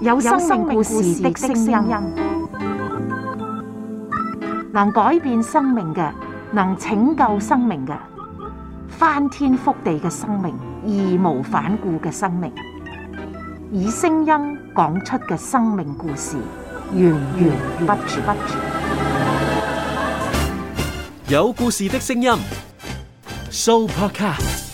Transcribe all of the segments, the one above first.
有生命故事的聲音，能改變生命嘅，能拯救生命嘅，翻天覆地嘅生命，義無反顧嘅生命，以聲音講出嘅生命故事，源源不絕。有故事的聲音，Sooopodcast。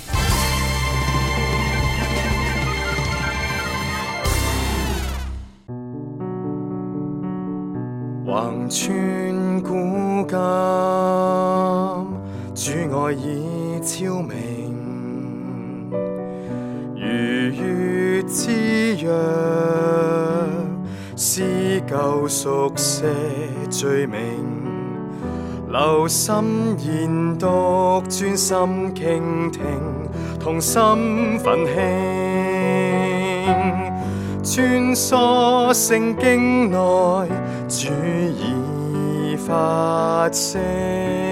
已昭明，如月之若，撕舊熟寫罪名，留心研讀，專心傾聽，同心奮興，穿梭聖經內，主已發聲。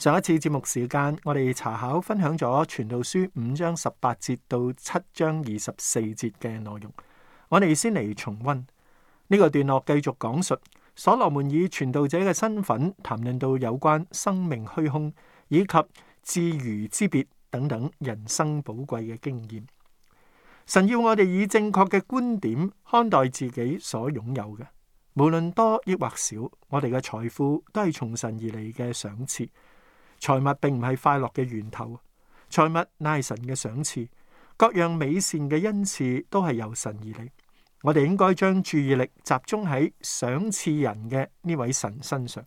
上一次節目時間，我哋查考分享咗《傳道書》五章十八節到七章二十四節嘅內容。我哋先嚟重溫呢、這個段落，繼續講述所羅門以傳道者嘅身份談論到有關生命虛空以及智愚之別，等等人生寶貴嘅經驗。神要我哋以正確嘅觀點看待自己所擁有嘅，無論多抑或少，我哋嘅財富都係從神而嚟嘅賞賜。財物並唔係快樂嘅源頭，財物乃係神嘅賞賜，各樣美善嘅恩賜都係由神而嚟。我哋應該將注意力集中喺賞賜人嘅呢位神身上，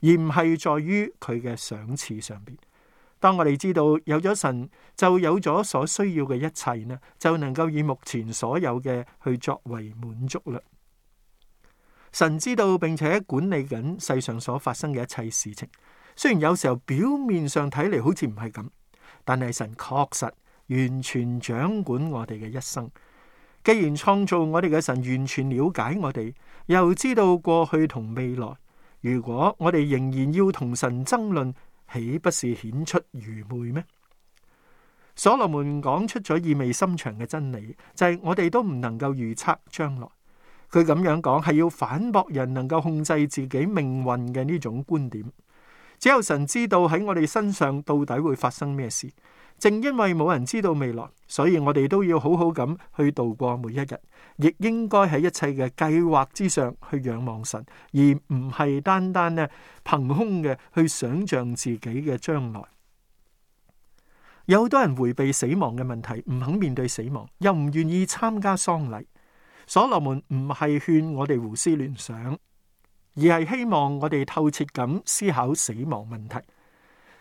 而唔係在於佢嘅賞賜上面。當我哋知道有咗神，就有咗所需要嘅一切呢，就能夠以目前所有嘅去作為滿足啦。神知道並且管理緊世上所發生嘅一切事情。雖然有時候表面上睇嚟，好似唔係咁，但係神確實完全掌管我哋嘅一生。既然創造我哋嘅神完全了解我哋，又知道過去同未來，如果我哋仍然要同神爭論，豈不是顯出愚昧咩？所羅門講出咗意味深長嘅真理，就係我哋都唔能夠預測將來。佢咁樣講係要反駁人能夠控制自己命運嘅呢種觀點。只有神知道喺我哋身上到底會發生咩事。正因為冇人知道未來，所以我哋都要好好咁去度過每一日，亦應該喺一切嘅計劃之上去仰望神，而唔係單單咧憑空嘅去想象自己嘅將來。有好多人回避死亡嘅問題，唔肯面對死亡，又唔願意參加喪禮。所羅門唔係勸我哋胡思亂想，而係希望我哋透徹咁思考死亡問題，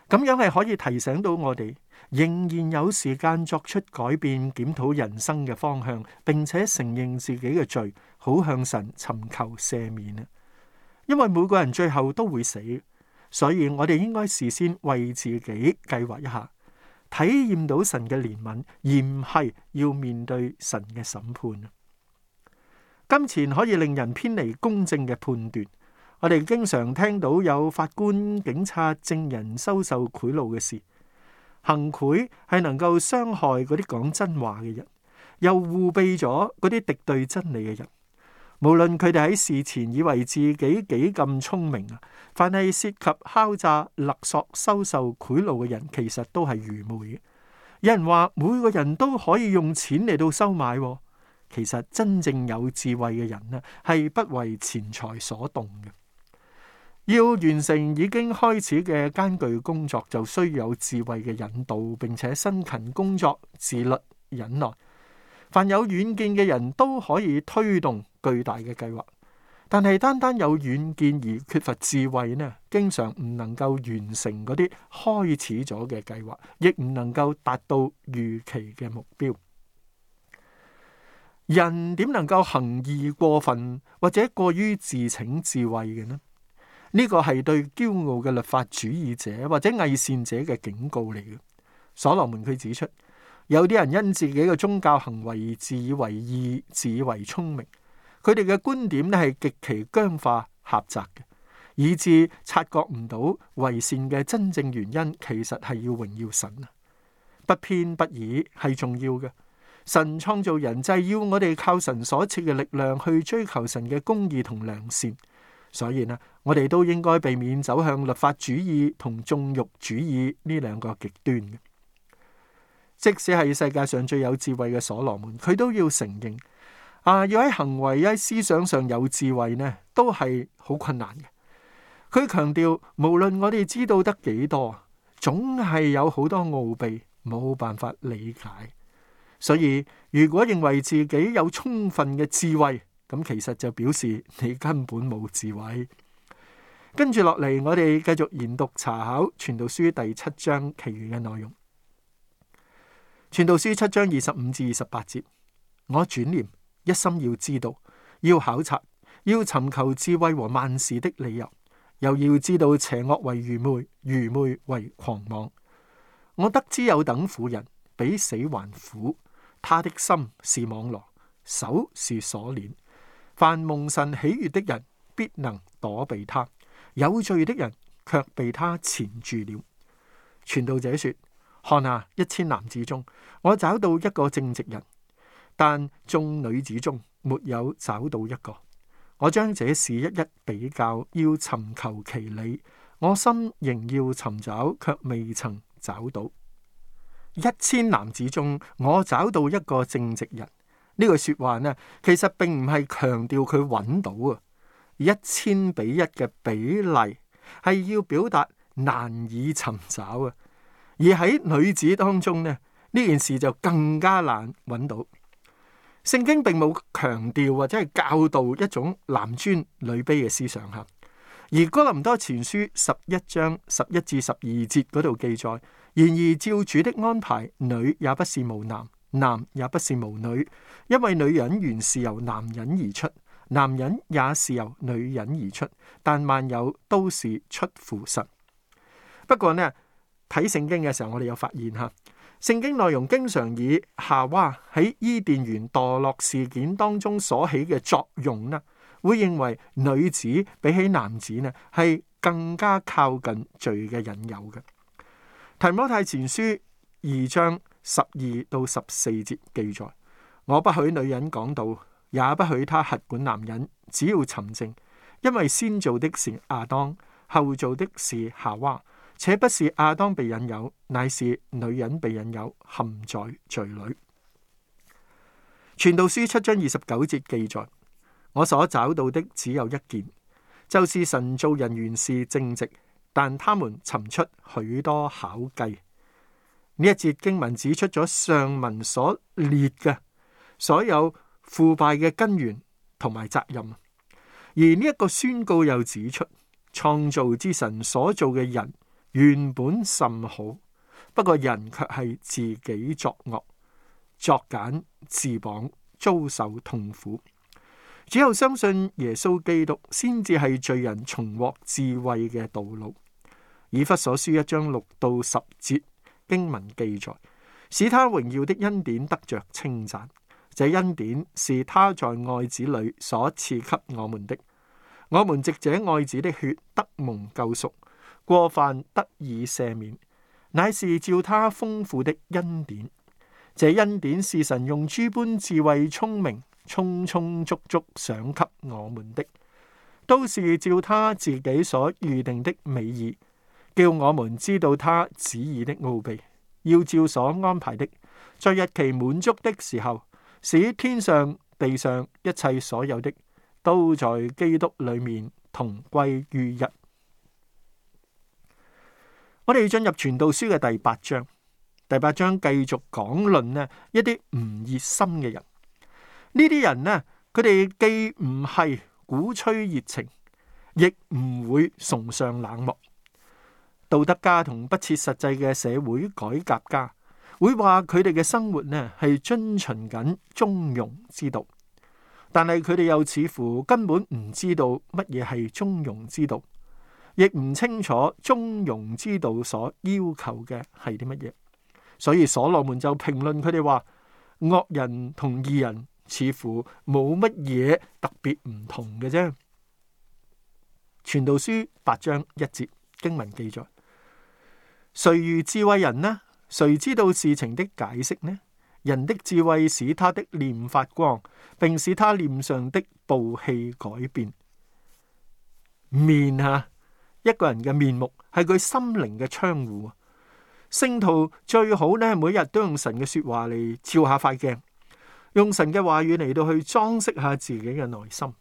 咁樣係可以提醒到我哋仍然有時間作出改變、檢討人生嘅方向，並且承認自己嘅罪，好向神尋求赦免啊！因為每個人最後都會死，所以我哋應該事先為自己計劃一下，體驗到神嘅憐憫，而唔係要面對神嘅審判。金錢可以令人偏離公正嘅判斷。我哋經常聽到有法官、警察、證人收受賄賂嘅事，行賄係能夠傷害嗰啲講真話嘅人，又護庇咗嗰啲敵對真理嘅人。無論佢哋喺事前以為自己幾咁聰明啊，凡係涉及敲詐、勒索、收受賄賂嘅人，其實都係愚昧嘅。有人話每個人都可以用錢嚟到收買，其實真正有智慧嘅人咧，係不為錢財所動嘅。要完成已經開始嘅艱巨工作，就需要有智慧嘅引導，並且辛勤工作、自律、忍耐。凡有遠見嘅人都可以推動巨大嘅計劃，但係單單有遠見而缺乏智慧呢，經常唔能夠完成嗰啲開始咗嘅計劃，亦唔能夠達到預期嘅目標。人點能夠行義過分或者過於自逞智慧嘅呢？呢個係對驕傲嘅律法主義者或者偽善者嘅警告嚟嘅。所羅門佢指出，有啲人因自己嘅宗教行為自以為義、自以為聰明，佢哋嘅觀點咧係極其僵化狹窄嘅，以致察覺唔到偽善嘅真正原因，其實係要榮耀神啊，不偏不倚係重要嘅。神創造人就係要我哋靠神所賜嘅力量去追求神嘅公義同良善，所以呢，我哋都應該避免走向律法主義同縱慾主義呢兩個極端嘅。即使係世界上最有智慧嘅所羅門，佢都要承認啊，要喺行為、喺思想上有智慧呢，都係好困難嘅。佢強調，無論我哋知道得幾多，總係有好多奧秘冇辦法理解。所以，如果認為自己有充分嘅智慧，咁其實就表示你根本冇智慧。跟住落嚟，我哋繼續研讀查考《傳道書》第七章其餘嘅內容，《傳道書》七章二十五至二十八節。我轉念一心要知道，要考察，要尋求智慧和萬事的理由，又要知道邪惡為愚昧，愚昧為狂妄。我得知有等婦人比死還苦，他的心是網羅，手是鎖鏈。凡蒙神喜悅的人，必能躲避他。有罪的人卻被他纏住了。傳道者說：看啊，一千男子中，我找到一個正直人，但眾女子中沒有找到一個。我將這事一一比較，要尋求其理，我心仍要尋找，卻未曾找到。一千男子中，我找到一個正直人。呢句說話呢，其實並唔係強調佢揾到啊。一千比一嘅比例係要表達難以尋找啊，而喺女子當中呢，呢件事就更加難揾到。聖經並冇強調或者係教導一種男尊女卑嘅思想吓，而哥林多前書十一章十一至十二節嗰度記載，然而照主的安排，女也不是無男，男也不是無女，因為女人原是由男人而出。男人也是由女人而出，但萬有都是出乎神。不過呢，睇聖經嘅時候，我哋有發現吓，聖經內容經常以夏娃喺伊甸園墮落事件當中所起嘅作用啦，會認為女子比起男子呢係更加靠近罪嘅引誘嘅。提摩太前書二章十二到十四節記載：我不許女人講道……」也不許他轄管男人，只要沉靜，因為先造的是亞當，後造的是夏娃，且不是亞當被引誘，乃是女人被引誘，陷在罪裏。傳道書七章二十九節記載：我所找到的只有一件，就是神造人原是正直，但他們尋出許多巧計。呢一節經文指出咗上文所列嘅所有腐敗嘅根源同埋責任，而呢一個宣告又指出，創造之神所做嘅人原本甚好，不過人卻係自己作惡、作繭、自綁，遭受痛苦。只有相信耶穌基督，先至係罪人重獲智慧嘅道路。以弗所書一章六到十節經文記載，使他榮耀的恩典得着稱讚。這恩典是他在愛子裏所賜給我們的，我們藉着愛子的血得蒙救贖，過犯得以赦免，乃是照他豐富的恩典。這恩典是神用諸般智慧、聰明、充充足足賞給我們的，都是照他自己所預定的美意，叫我們知道他旨意的奧秘，要照所安排的，在日期滿足的時候。使天上地上一切所有的都在基督裏面同歸於一。我哋要進入《傳道書》嘅第八章，第八章繼續講論呢一啲唔熱心嘅人。呢啲人呢，佢哋既唔係鼓吹熱情，亦唔會崇尚冷漠、道德家同不切實際嘅社會改革家。會話佢哋嘅生活呢係遵循緊中庸之道，但係佢哋又似乎根本唔知道乜嘢係中庸之道，亦唔清楚中庸之道所要求嘅係啲乜嘢。所以所羅門就評論佢哋話：惡人同義人似乎冇乜嘢特別唔同嘅啫。傳道書八章一節經文記載：誰如智慧人呢？誰知道事情的解釋呢？人的智慧使他的臉發光，並使他臉上的暴氣改變。面啊，一個人嘅面目係佢心靈嘅窗戶。聖徒最好呢，每日都用神嘅說話嚟照下塊鏡，用神嘅話語嚟到去裝飾下自己嘅內心。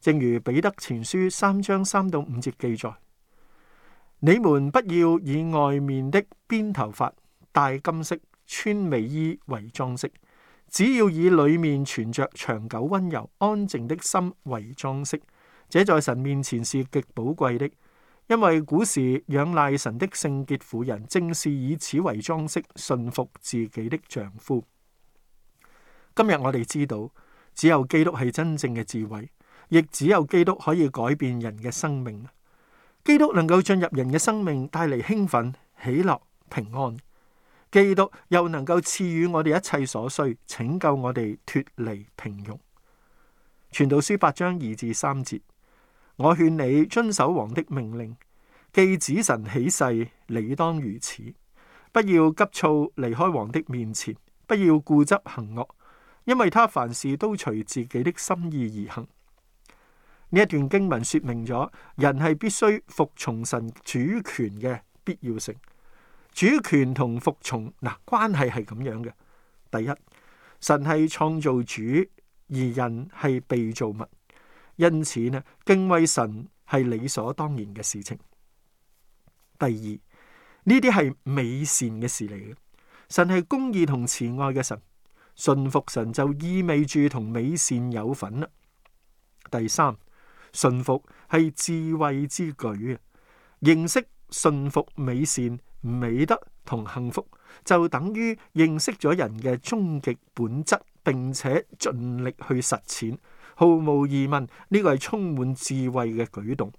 正如彼得前書三章三到五節記載：你們不要以外面的辮頭髮。戴金色穿美衣為裝飾，只要以裏面存着長久温柔安靜的心為裝飾，這在神面前是極寶貴的。因為古時仰賴神的聖潔婦人正是以此為裝飾，順服自己的丈夫。今日我哋知道，只有基督係真正嘅智慧，亦只有基督可以改變人嘅生命。基督能夠進入人嘅生命，帶嚟興奮、喜樂、平安。基督又能夠賜予我哋一切所需，拯救我哋脫離平庸。傳道書八章二至三節，我勸你遵守王的命令，既指神起誓，理當如此。不要急躁離開王的面前，不要固執行惡，因為他凡事都隨自己的心意而行。呢一段經文說明咗，人係必須服從神主權嘅必要性。主權同服從嗱關係係咁樣嘅。第一，神係創造主，而人係被造物，因此呢敬畏神係理所當然嘅事情。第二，呢啲係美善嘅事嚟嘅，神係公義同慈愛嘅神，信服神就意味住同美善有份啦。第三，信服係智慧之舉，認識信服美善。美德同幸福就等於認識咗人嘅終極本質，並且盡力去實踐。毫無疑問，呢、這個係充滿智慧嘅舉動。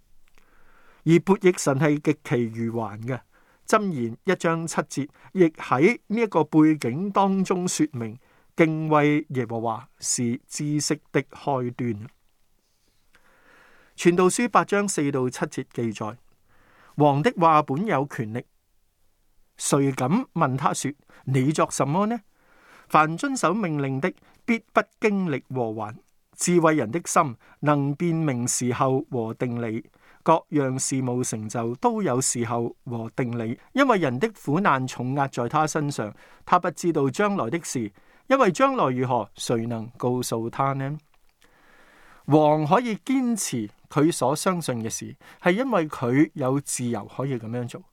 而撥譯神係極其如環嘅箴言，一章七節亦喺呢一個背景當中說明，敬畏耶和華是知識的開端。傳道書八章四到七節記載，王的話本有權力。誰敢問他說：你作什麼呢？凡遵守命令的，必不經歷禍患。智慧人的心能辨明時候和定理，各樣事務成就都有時候和定理。因為人的苦難重壓在他身上，他不知道將來的事。因為將來如何，誰能告訴他呢？王可以堅持佢所相信嘅事，係因為佢有自由可以咁樣做。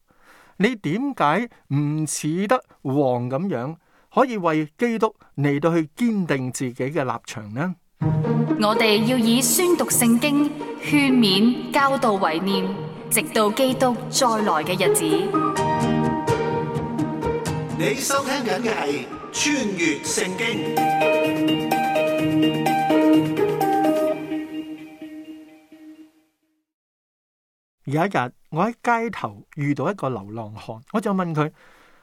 你點解唔似得王咁樣，可以為基督嚟到去堅定自己嘅立場呢？我哋要以宣讀聖經、勸勉、教導、為念，直到基督再來嘅日子。你收聽緊嘅係穿越聖經。有一日，我喺街頭遇到一個流浪漢，我就問佢：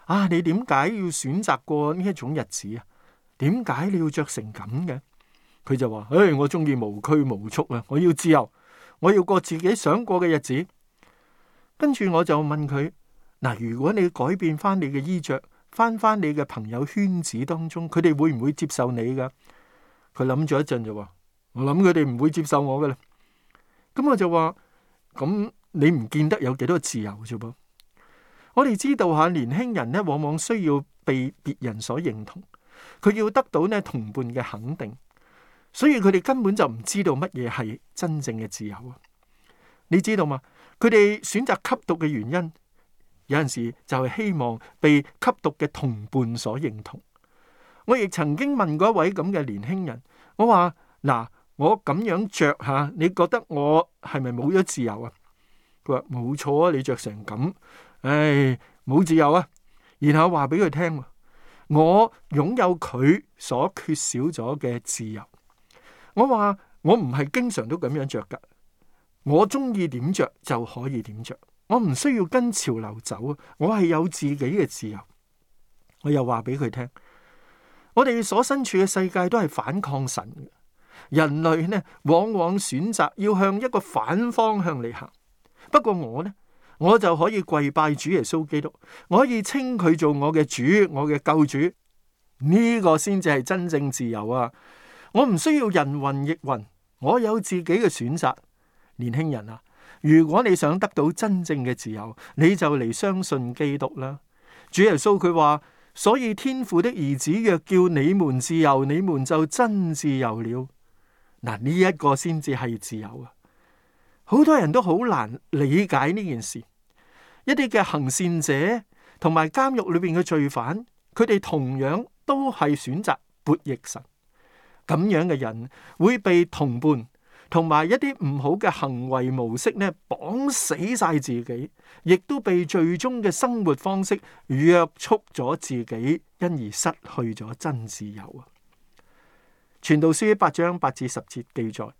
啊，你點解要選擇過呢一種日子啊？點解你要着成咁嘅？佢就話：誒、哎，我中意無拘無束啊，我要自由，我要過自己想過嘅日子。跟住我就問佢：嗱、啊，如果你改變翻你嘅衣着，翻翻你嘅朋友圈子當中，佢哋會唔會接受你噶？佢諗咗一陣就話：我諗佢哋唔會接受我嘅咧。咁我就話：咁。你唔見得有幾多自由啫噃。我哋知道吓，年輕人咧，往往需要被別人所認同，佢要得到咧同伴嘅肯定，所以佢哋根本就唔知道乜嘢係真正嘅自由啊。你知道嘛？佢哋選擇吸毒嘅原因，有陣時就係希望被吸毒嘅同伴所認同。我亦曾經問過一位咁嘅年輕人，我話嗱，我咁樣着吓，你覺得我係咪冇咗自由啊？話冇錯啊，你着成咁，唉，冇自由啊。然後話俾佢聽，我擁有佢所缺少咗嘅自由。我話我唔係經常都咁樣着㗎，我中意點着就可以點着，我唔需要跟潮流走啊。我係有自己嘅自由。我又話俾佢聽，我哋所身處嘅世界都係反抗神嘅，人類呢，往往選擇要向一個反方向嚟行。不過我呢，我就可以跪拜主耶穌基督，我可以稱佢做我嘅主，我嘅救主，呢個先至係真正自由啊！我唔需要人云亦云，我有自己嘅選擇。年輕人啊，如果你想得到真正嘅自由，你就嚟相信基督啦。主耶穌佢話：所以天父的兒子若叫你們自由，你們就真自由了。嗱，呢一個先至係自由啊！好多人都好難理解呢件事，一啲嘅行善者同埋監獄裏邊嘅罪犯，佢哋同樣都係選擇悖逆神。咁樣嘅人會被同伴同埋一啲唔好嘅行為模式呢綁死晒自己，亦都被最終嘅生活方式約束咗自己，因而失去咗真自由。《傳道書》八章八至十節記載。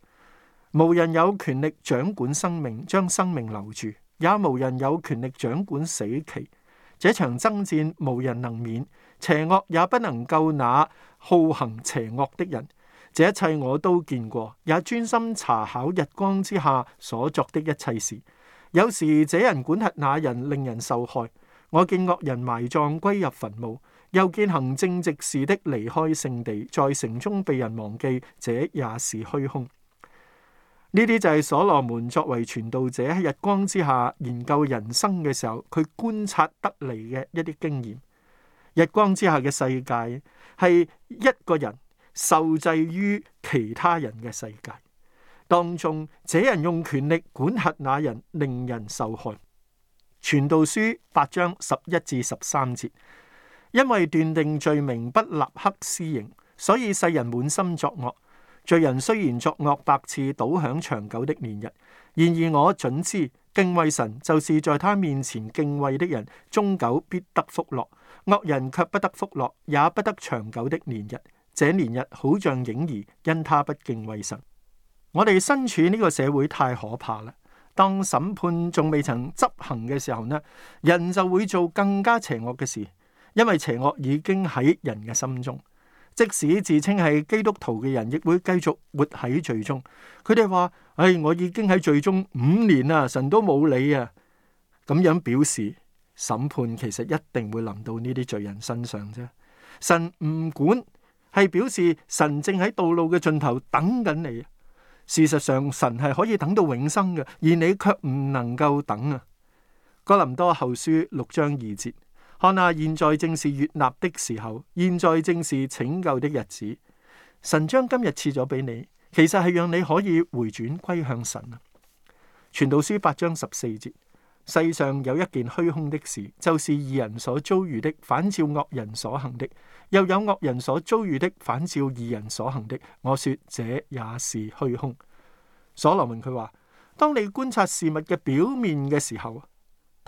無人有權力掌管生命，將生命留住，也無人有權力掌管死期。這場爭戰無人能免，邪惡也不能救那好行邪惡的人。這一切我都見過，也專心查考日光之下所作的一切事。有時這人管轄那人，令人受害。我見惡人埋葬歸，歸入墳墓，又見行正直事的離開聖地，在城中被人忘記。這也是虛空。呢啲就係所羅門作為傳道者喺日光之下研究人生嘅時候，佢觀察得嚟嘅一啲經驗。日光之下嘅世界係一個人受制於其他人嘅世界當中，這人用權力管轄那人，令人受害。傳道書八章十一至十三節，因為斷定罪名不立刻施刑，所以世人滿心作惡。罪人雖然作惡百次，倒享長久的年日；然而我準知，敬畏神就是在他面前敬畏的人，終久必得福樂。惡人卻不得福樂，也不得長久的年日。這年日好像影兒，因他不敬畏神。我哋身處呢個社會太可怕啦！當審判仲未曾執行嘅時候呢，人就會做更加邪惡嘅事，因為邪惡已經喺人嘅心中。即使自稱係基督徒嘅人，亦會繼續活喺罪中。佢哋話：唉、哎，我已經喺罪中五年啦，神都冇理啊。咁樣表示審判其實一定會臨到呢啲罪人身上啫。神唔管，係表示神正喺道路嘅盡頭等緊你。事實上，神係可以等到永生嘅，而你卻唔能夠等啊。哥林多後書六章二節，看啊，現在正是悅納的時候，現在正是拯救的日子。神將今日賜咗俾你，其實係讓你可以回轉歸向神啊。傳道書八章十四節：世上有一件虛空的事，就是義人所遭遇的，反照惡人所行的；又有惡人所遭遇的，反照義人所行的。我說這也是虛空。所羅門佢話：當你觀察事物嘅表面嘅時候。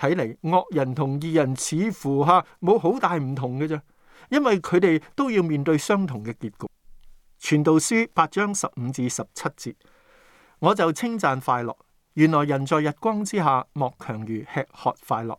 睇嚟惡人同義人似乎吓冇好大唔同嘅啫，因為佢哋都要面對相同嘅結局。傳道書八章十五至十七節，我就稱讚快樂。原來人在日光之下莫強如吃喝快樂，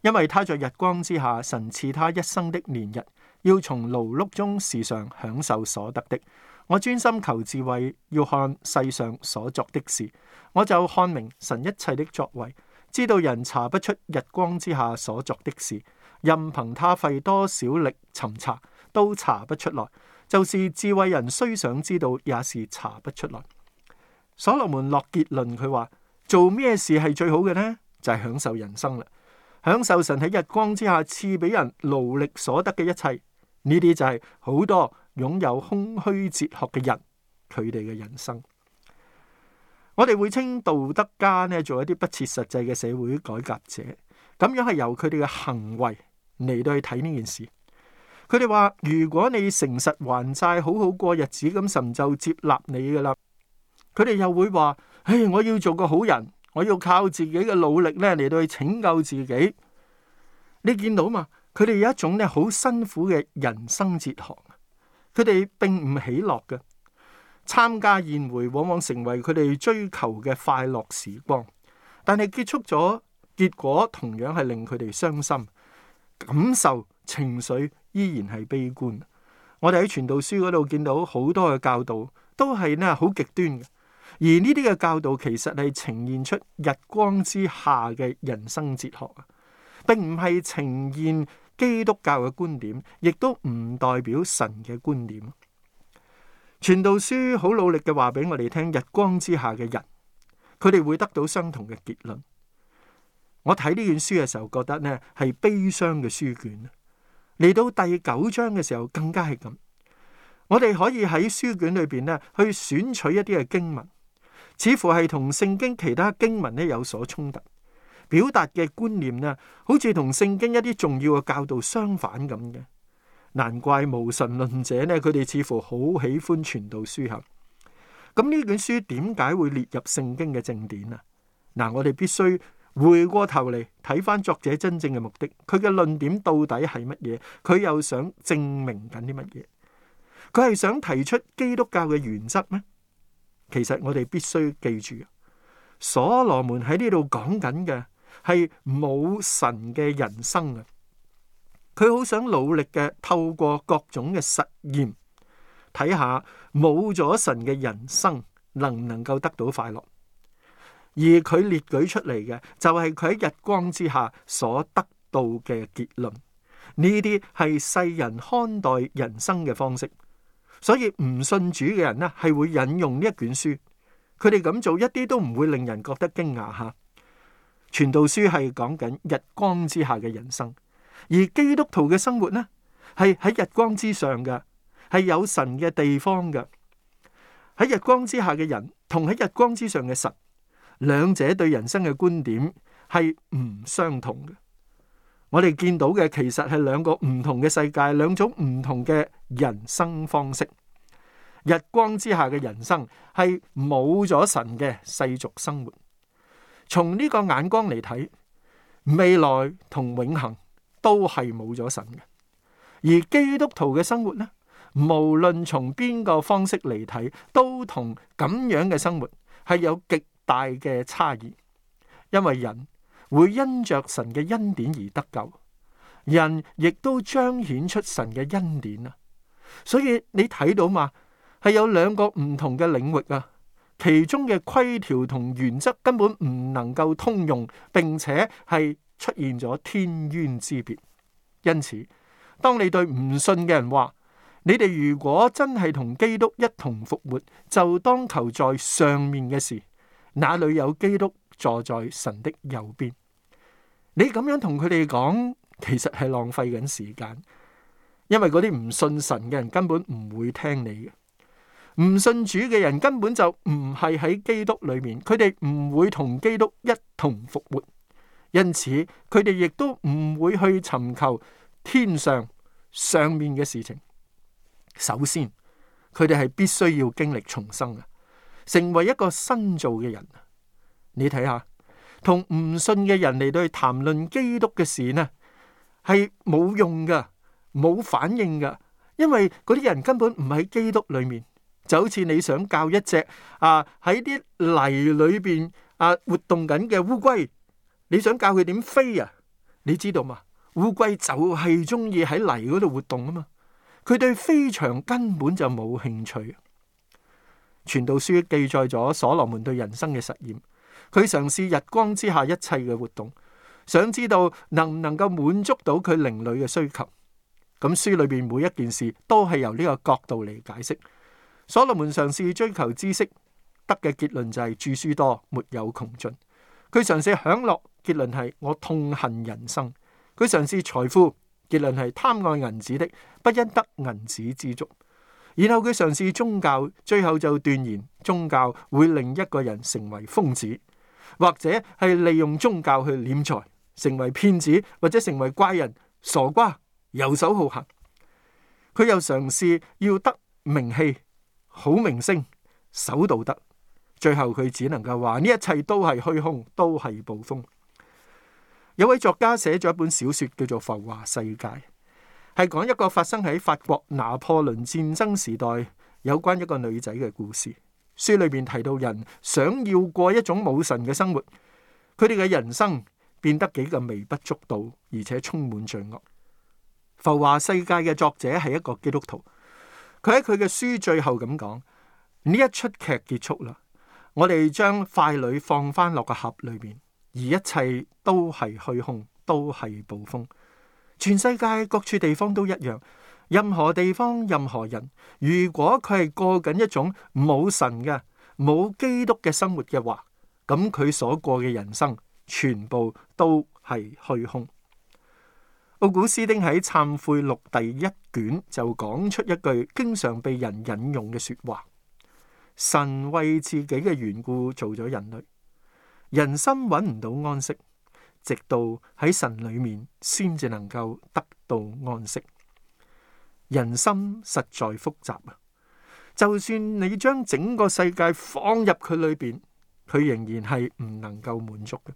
因為他在日光之下，神賜他一生的年日，要從勞碌中時常享受所得的。我專心求智慧，要看世上所作的事，我就看明神一切的作為。知道人查不出日光之下所作的事，任憑他費多少力尋查，都查不出來。就是智慧人雖想知道，也是查不出來。所羅門落結論佢話做咩事係最好嘅呢？就係、是、享受人生啦，享受神喺日光之下賜俾人勞力所得嘅一切。呢啲就係好多擁有空虛哲學嘅人，佢哋嘅人生。我哋會稱道德家呢做一啲不切實際嘅社會改革者，咁樣係由佢哋嘅行為嚟到去睇呢件事。佢哋話：如果你誠實還債，好好過日子，咁神就接納你噶啦。佢哋又會話：唉，我要做個好人，我要靠自己嘅努力呢嚟到去拯救自己。你見到嘛？佢哋有一種呢好辛苦嘅人生哲學，佢哋並唔喜樂噶。參加宴會往往成為佢哋追求嘅快樂時光，但係結束咗，結果同樣係令佢哋傷心，感受情緒依然係悲觀。我哋喺傳道書嗰度見到好多嘅教導，都係呢好極端嘅，而呢啲嘅教導其實係呈現出日光之下嘅人生哲學啊，並唔係呈現基督教嘅觀點，亦都唔代表神嘅觀點。傳道書好努力嘅話俾我哋聽，日光之下嘅人，佢哋會得到相同嘅結論。我睇呢卷書嘅時候，覺得呢係悲傷嘅書卷。嚟到第九章嘅時候，更加係咁。我哋可以喺書卷裏邊呢去選取一啲嘅經文，似乎係同聖經其他經文呢有所衝突，表達嘅觀念呢，好似同聖經一啲重要嘅教導相反咁嘅。難怪無神論者呢，佢哋似乎好喜歡傳道書吓。咁呢本書點解會列入聖經嘅正典啊？嗱，我哋必須回過頭嚟睇返作者真正嘅目的，佢嘅論點到底係乜嘢？佢又想證明緊啲乜嘢？佢係想提出基督教嘅原則咩？其實我哋必須記住，所羅門喺呢度講緊嘅係冇神嘅人生啊！佢好想努力嘅，透過各種嘅實驗睇下冇咗神嘅人生能唔能夠得到快樂，而佢列舉出嚟嘅就係佢喺日光之下所得到嘅結論。呢啲係世人看待人生嘅方式，所以唔信主嘅人呢係會引用呢一卷書，佢哋咁做一啲都唔會令人覺得驚訝吓。傳道書係講緊日光之下嘅人生。而基督徒嘅生活呢，係喺日光之上嘅，係有神嘅地方嘅。喺日光之下嘅人同喺日光之上嘅神，兩者對人生嘅觀點係唔相同嘅。我哋見到嘅其實係兩個唔同嘅世界，兩種唔同嘅人生方式。日光之下嘅人生係冇咗神嘅世俗生活。從呢個眼光嚟睇，未來同永恆。都係冇咗神嘅。而基督徒嘅生活呢，無論從邊個方式嚟睇，都同咁樣嘅生活係有極大嘅差異。因為人會因着神嘅恩典而得救，人亦都彰顯出神嘅恩典啊！所以你睇到嘛，係有兩個唔同嘅領域啊，其中嘅規條同原則根本唔能夠通用，並且係。出現咗天淵之別，因此，當你對唔信嘅人話：你哋如果真係同基督一同復活，就當求在上面嘅事，那裏有基督坐在神的右邊。你咁樣同佢哋講，其實係浪費緊時間，因為嗰啲唔信神嘅人根本唔會聽你嘅，唔信主嘅人根本就唔係喺基督裏面，佢哋唔會同基督一同復活。因此，佢哋亦都唔會去尋求天上上面嘅事情。首先，佢哋係必須要經歷重生啊，成為一個新造嘅人。你睇下，同唔信嘅人嚟到談論基督嘅事呢，係冇用噶冇反應噶因為嗰啲人根本唔喺基督裏面。就好似你想教一隻啊喺啲泥裏邊啊活動緊嘅烏龜。你想教佢點飛啊？你知道嗎，烏龜嘛？烏龜就係中意喺泥嗰度活動啊嘛！佢對飛翔根本就冇興趣。傳道書記載咗所羅門對人生嘅實驗，佢嘗試日光之下一切嘅活動，想知道能唔能夠滿足到佢靈裏嘅需求。咁書裏邊每一件事都係由呢個角度嚟解釋。所羅門嘗試追求知識，得嘅結論就係、是、著書多，沒有窮盡。佢嘗試享樂。結論係我痛恨人生。佢嘗試財富，結論係貪愛銀子的，不因得銀子知足。然後佢嘗試宗教，最後就斷言宗教會令一個人成為瘋子，或者係利用宗教去斂財，成為騙子或者成為怪人、傻瓜、遊手好閒。佢又嘗試要得名氣、好名聲、守道德，最後佢只能夠話呢一切都係虛空，都係捕風。有位作家寫咗一本小說叫做《浮華世界》，係講一個發生喺法國拿破崙戰爭時代有關一個女仔嘅故事。書裏面提到人想要過一種無神嘅生活，佢哋嘅人生變得幾咁微不足道，而且充滿罪惡。《浮華世界》嘅作者係一個基督徒，佢喺佢嘅書最後咁講：呢一齣劇結束啦，我哋將傀儡放翻落個盒裏面。」而一切都係虛空，都係捕風。全世界各處地方都一樣，任何地方、任何人，如果佢係過緊一種冇神嘅、冇基督嘅生活嘅話，咁佢所過嘅人生全部都係虛空。奧古斯丁喺懺悔錄第一卷就講出一句經常被人引用嘅說話：神為自己嘅緣故做咗人類。人心揾唔到安息，直到喺神裏面先至能夠得到安息。人心實在複雜啊！就算你將整個世界放入佢裏邊，佢仍然係唔能夠滿足嘅。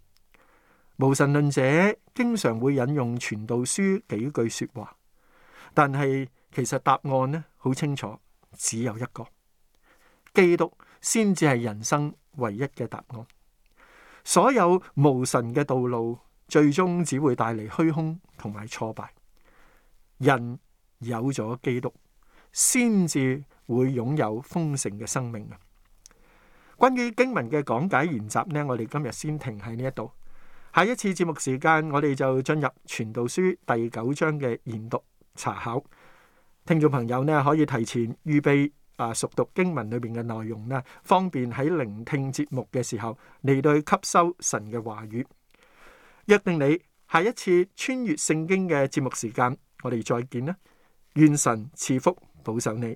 無神論者經常會引用《傳道書》幾句說話，但係其實答案呢好清楚，只有一個，基督先至係人生唯一嘅答案。所有無神嘅道路，最終只會帶嚟虛空同埋挫敗。人有咗基督，先至會擁有豐盛嘅生命嘅。關於經文嘅講解研習呢，我哋今日先停喺呢一度。下一次節目時間，我哋就進入《傳道書》第九章嘅研讀查考。聽眾朋友呢，可以提前預備。啊，熟讀經文裏邊嘅內容咧，方便喺聆聽節目嘅時候嚟到吸收神嘅話語。約定你下一次穿越聖經嘅節目時間，我哋再見啦！願神賜福保守你。